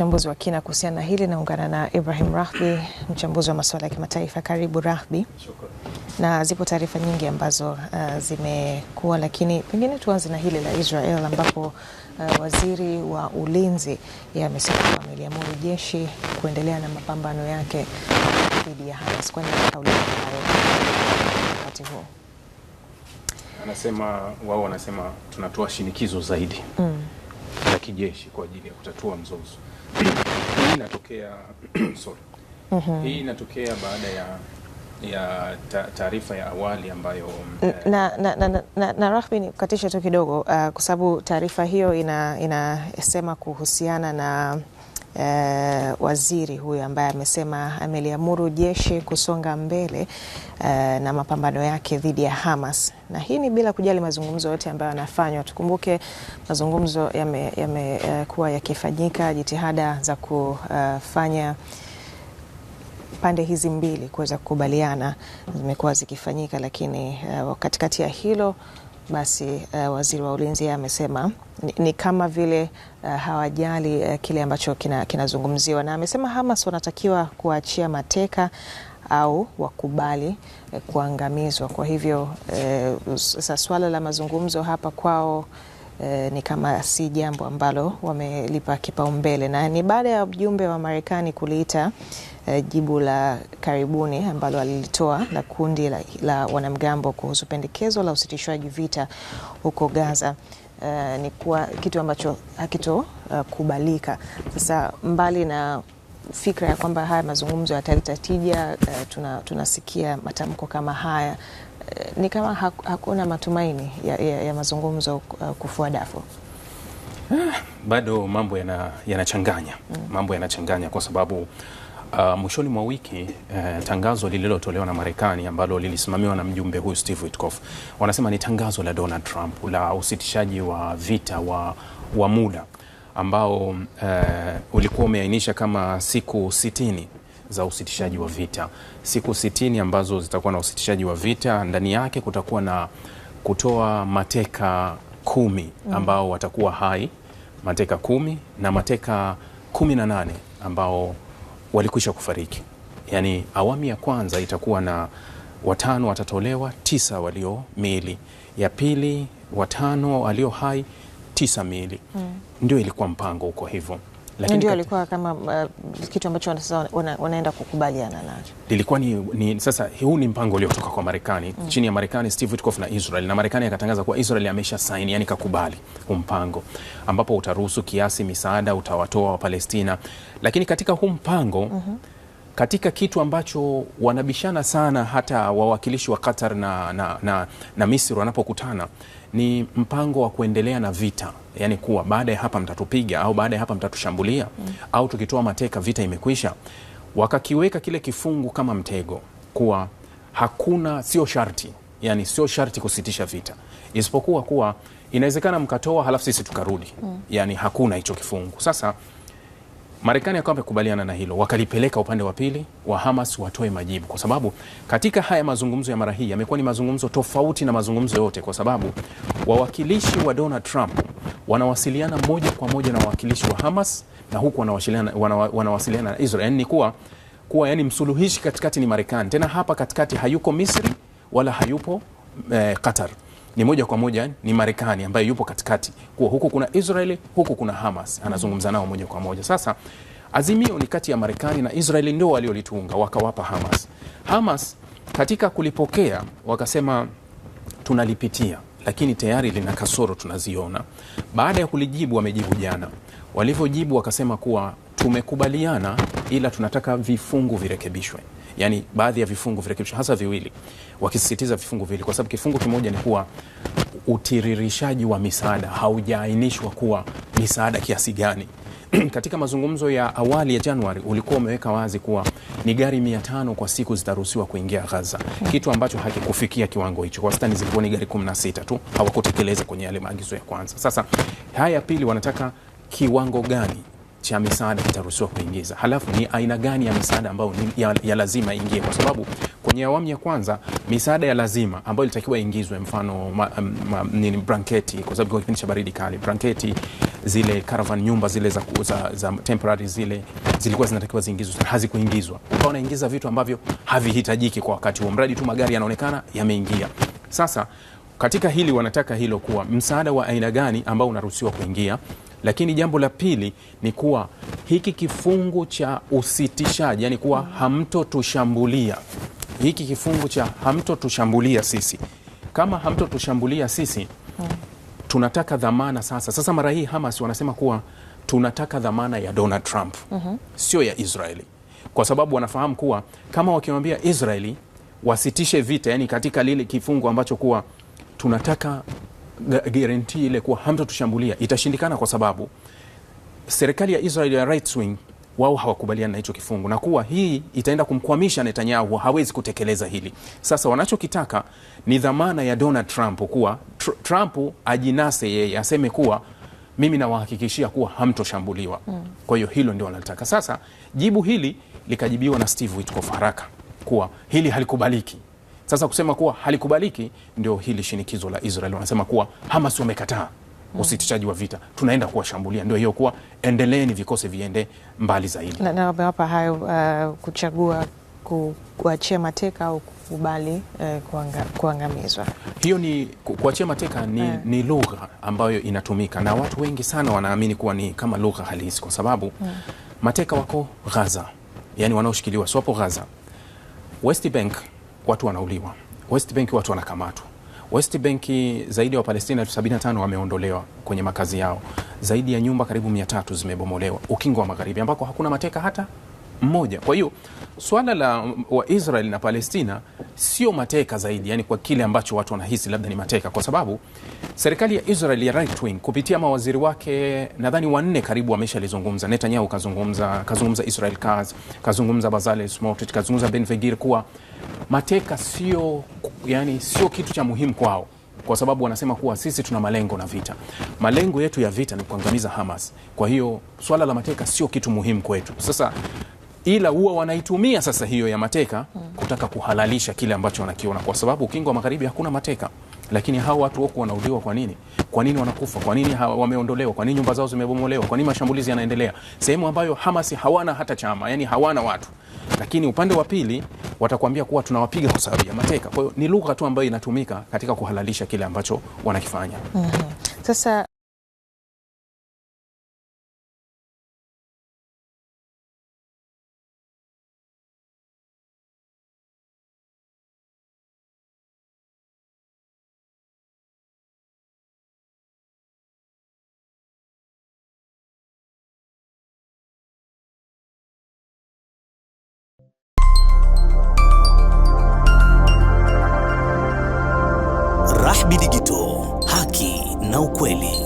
uchambuzi wa kina kuhusiana na hili, naungana na Ibrahim Rahbi, mchambuzi wa masuala ya kimataifa. Karibu Rahbi. Shukrani. Na zipo taarifa nyingi ambazo uh, zimekuwa, lakini pengine tuanze na hili la Israel ambapo Uh, waziri wa ulinzi amesema kwamba ameliamuru jeshi kuendelea na mapambano yake dhidi ya Hamas. nini kauli wakati anasema wao wanasema tunatoa shinikizo zaidi mm za kijeshi kwa ajili ya kutatua mzozo. Hii inatokea sorry. Mm -hmm. Hii inatokea baada ya ya taarifa ya awali ambayo na, na, na, na, na, na Rahbi ni kukatisha tu kidogo uh, kwa sababu taarifa hiyo ina inasema kuhusiana na uh, waziri huyu ambaye amesema ameliamuru jeshi kusonga mbele uh, na mapambano yake dhidi ya Hamas, na hii ni bila kujali mazungumzo yote ambayo yanafanywa. Tukumbuke mazungumzo yamekuwa yame, uh, yakifanyika jitihada za kufanya pande hizi mbili kuweza kukubaliana zimekuwa zikifanyika, lakini uh, katikati ya hilo basi uh, waziri wa ulinzi amesema ni, ni kama vile uh, hawajali uh, kile ambacho kinazungumziwa kina, na amesema Hamas wanatakiwa kuachia mateka au wakubali eh, kuangamizwa. Kwa hivyo eh, sasa swala la mazungumzo hapa kwao Eh, ni kama si jambo ambalo wamelipa kipaumbele, na ni baada ya mjumbe wa Marekani kuliita eh, jibu la karibuni ambalo alilitoa la kundi la, la wanamgambo kuhusu pendekezo la usitishwaji vita huko Gaza. Uh, ni kuwa kitu ambacho hakitokubalika. Uh, sasa mbali na fikra ya kwamba haya mazungumzo yataleta tija, uh, tuna, tunasikia matamko kama haya ni kama hakuna matumaini ya, ya, ya mazungumzo uh, kufua dafu. Bado mambo yanachanganya ya mm. mambo yanachanganya kwa sababu uh, mwishoni mwa wiki uh, tangazo lililotolewa na Marekani ambalo lilisimamiwa na mjumbe huyu Steve Witkoff, wanasema ni tangazo la Donald Trump la usitishaji wa vita wa, wa muda ambao uh, ulikuwa umeainisha kama siku sitini za usitishaji wa vita, siku sitini ambazo zitakuwa na usitishaji wa vita. Ndani yake kutakuwa na kutoa mateka kumi mm. ambao watakuwa hai, mateka kumi na mateka kumi na nane ambao walikwisha kufariki. Yani awamu ya kwanza itakuwa na watano watatolewa, tisa walio miili, ya pili watano walio hai, tisa miili. Mm. Ndio ilikuwa mpango huko hivyo ndio ilikuwa kama uh, kitu ambacho sasa wanaenda kukubaliana nacho ilikuwa ni, ni, sasa huu ni mpango uliotoka kwa Marekani mm. chini ya Marekani Steve Witkoff na Israel na Marekani akatangaza kuwa Israel amesha sign yani kakubali huu mpango ambapo utaruhusu kiasi misaada utawatoa wa Palestina, lakini katika huu mpango mm -hmm katika kitu ambacho wanabishana sana hata wawakilishi wa Qatar na, na, na, na Misri wanapokutana ni mpango wa kuendelea na vita, yani kuwa baada ya hapa mtatupiga au baada ya hapa mtatushambulia mm. au tukitoa mateka vita imekwisha. Wakakiweka kile kifungu kama mtego kuwa hakuna, sio sharti, yani sio sharti kusitisha vita, isipokuwa kuwa inawezekana mkatoa halafu sisi tukarudi mm. yani hakuna hicho kifungu sasa Marekani akawa amekubaliana na hilo, wakalipeleka upande wa pili wa Hamas watoe majibu, kwa sababu katika haya mazungumzo ya mara hii yamekuwa ni mazungumzo tofauti na mazungumzo yote, kwa sababu wawakilishi wa Donald Trump wanawasiliana moja kwa moja na wawakilishi wa Hamas na huku wanawasiliana, wanawasiliana na Israel. Ni kuwa kuwa yani msuluhishi katikati ni Marekani, tena hapa katikati hayuko Misri wala hayupo eh, Qatar ni moja kwa moja ni Marekani ambaye yupo katikati, kuwa huku kuna Israeli, huku kuna Hamas, anazungumza nao moja kwa moja. Sasa azimio ni kati ya Marekani na Israeli, ndio waliolituunga wakawapa Hamas. Hamas katika kulipokea wakasema tunalipitia, lakini tayari lina kasoro tunaziona. Baada ya kulijibu, wamejibu jana, walivyojibu wakasema kuwa tumekubaliana, ila tunataka vifungu virekebishwe, yani baadhi ya vifungu virekebishwe, hasa viwili, wakisisitiza vifungu viwili, kwa sababu kifungu kimoja ni kuwa utiririshaji wa misaada haujaainishwa kuwa misaada kiasi gani. Katika mazungumzo ya awali ya Januari ulikuwa umeweka wazi kuwa ni gari mia tano kwa siku zitaruhusiwa kuingia Gaza, kitu ambacho hakikufikia kiwango hicho. Kwa wastani zilikuwa ni gari kumi na sita tu, hawakutekeleza kwenye yale maagizo ya kwanza. Sasa haya ya pili wanataka kiwango gani cha misaada kitaruhusiwa kuingiza. Halafu ni aina gani ya misaada ambayo ni ya, ya lazima ingie, kwa sababu kwenye awamu ya kwanza misaada ya lazima ambayo ilitakiwa ingizwe, mfano ma, ma, nini, blanketi, kwa sababu kwa kipindi cha baridi kali blanketi zile caravan nyumba zile za, za, za temporary zile zilikuwa zinatakiwa ziingizwe, hazikuingizwa. Ukawa unaingiza vitu ambavyo havihitajiki kwa wakati huo, mradi tu magari yanaonekana yameingia. Sasa katika hili wanataka hilo kuwa msaada wa aina gani ambao unaruhusiwa kuingia lakini jambo la pili ni kuwa hiki kifungu cha usitishaji, yani kuwa hamtotushambulia, hiki kifungu cha hamtotushambulia sisi, kama hamtotushambulia sisi, tunataka dhamana sasa. Sasa mara hii Hamas wanasema kuwa tunataka dhamana ya Donald Trump mm -hmm. sio ya Israeli, kwa sababu wanafahamu kuwa kama wakiwambia Israeli wasitishe vita, yani katika lile kifungu ambacho kuwa tunataka garanti ile kuwa hamtatushambulia itashindikana, kwa sababu serikali ya Israel ya right wing wao hawakubaliani na hicho kifungu na kuwa hii itaenda kumkwamisha Netanyahu, hawezi kutekeleza hili. Sasa wanachokitaka ni dhamana ya Donald Trump kuwa tr Trump ajinase yeye, aseme kuwa mimi nawahakikishia kuwa hamtoshambuliwa. Mm. Kwa hiyo hilo ndio wanalitaka. Sasa jibu hili likajibiwa na Steve Witkoff haraka kuwa hili halikubaliki. Sasa kusema kuwa halikubaliki ndio hili shinikizo la Israel, wanasema kuwa Hamas wamekataa usitishaji wa vita, tunaenda kuwashambulia. Ndio hiyo kuwa endeleeni vikosi viende mbali zaidi, na wamewapa hayo uh, kuchagua kuachia mateka au kukubali uh, kuanga, kuangamizwa. Hiyo ni kuachia mateka ni, uh, ni lugha ambayo inatumika na watu wengi sana, wanaamini kuwa ni kama lugha halisi kwa sababu uh, mateka wako Gaza, yani wanaoshikiliwa siwapo ghaza Gaza, West Bank watu wanauliwa West Bank, watu wanakamatwa West Bank, zaidi ya wa Wapalestina elfu sabini na tano wameondolewa kwenye makazi yao, zaidi ya nyumba karibu mia tatu zimebomolewa Ukingo wa Magharibi ambako hakuna mateka hata mmoja. Kwa hiyo swala la Waisrael na Palestina sio mateka zaidi, yani kwa kile ambacho watu wanahisi labda ni mateka, kwa sababu serikali ya Israel ya right wing kupitia mawaziri wake nadhani wanne karibu wameshalizungumza. Netanyahu kazungumza, kazungumza Israel Katz, kazungumza Bazale Smotrich, kazungumza Ben kuwa mateka sio, yani sio kitu cha muhimu kwao kwa sababu wanasema kuwa sisi tuna malengo na vita, malengo yetu ya vita ni kuangamiza Hamas. Kwa hiyo swala la mateka sio kitu muhimu kwetu. Sasa ila huwa wanaitumia sasa hiyo ya mateka kutaka kuhalalisha kile ambacho wanakiona, kwa sababu ukingo wa magharibi hakuna mateka. Lakini hawa watu wako wanauliwa. Kwa nini? Kwa nini wanakufa? Kwa nini wameondolewa? Kwa nini nyumba zao zimebomolewa? Kwa nini mashambulizi yanaendelea sehemu ambayo Hamasi hawana hata chama, yani hawana watu. Lakini upande wa pili watakwambia kuwa tunawapiga kwa sababu ya mateka. Kwa hiyo ni lugha tu ambayo inatumika katika kuhalalisha kile ambacho wanakifanya. mm -hmm. Sasa Bidigito, haki na ukweli.